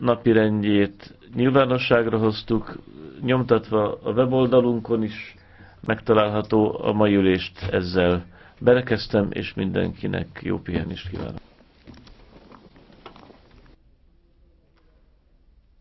napirendjét nyilvánosságra hoztuk, nyomtatva a weboldalunkon is megtalálható a mai ülést ezzel. Berekeztem, és mindenkinek jó pihenést kívánok!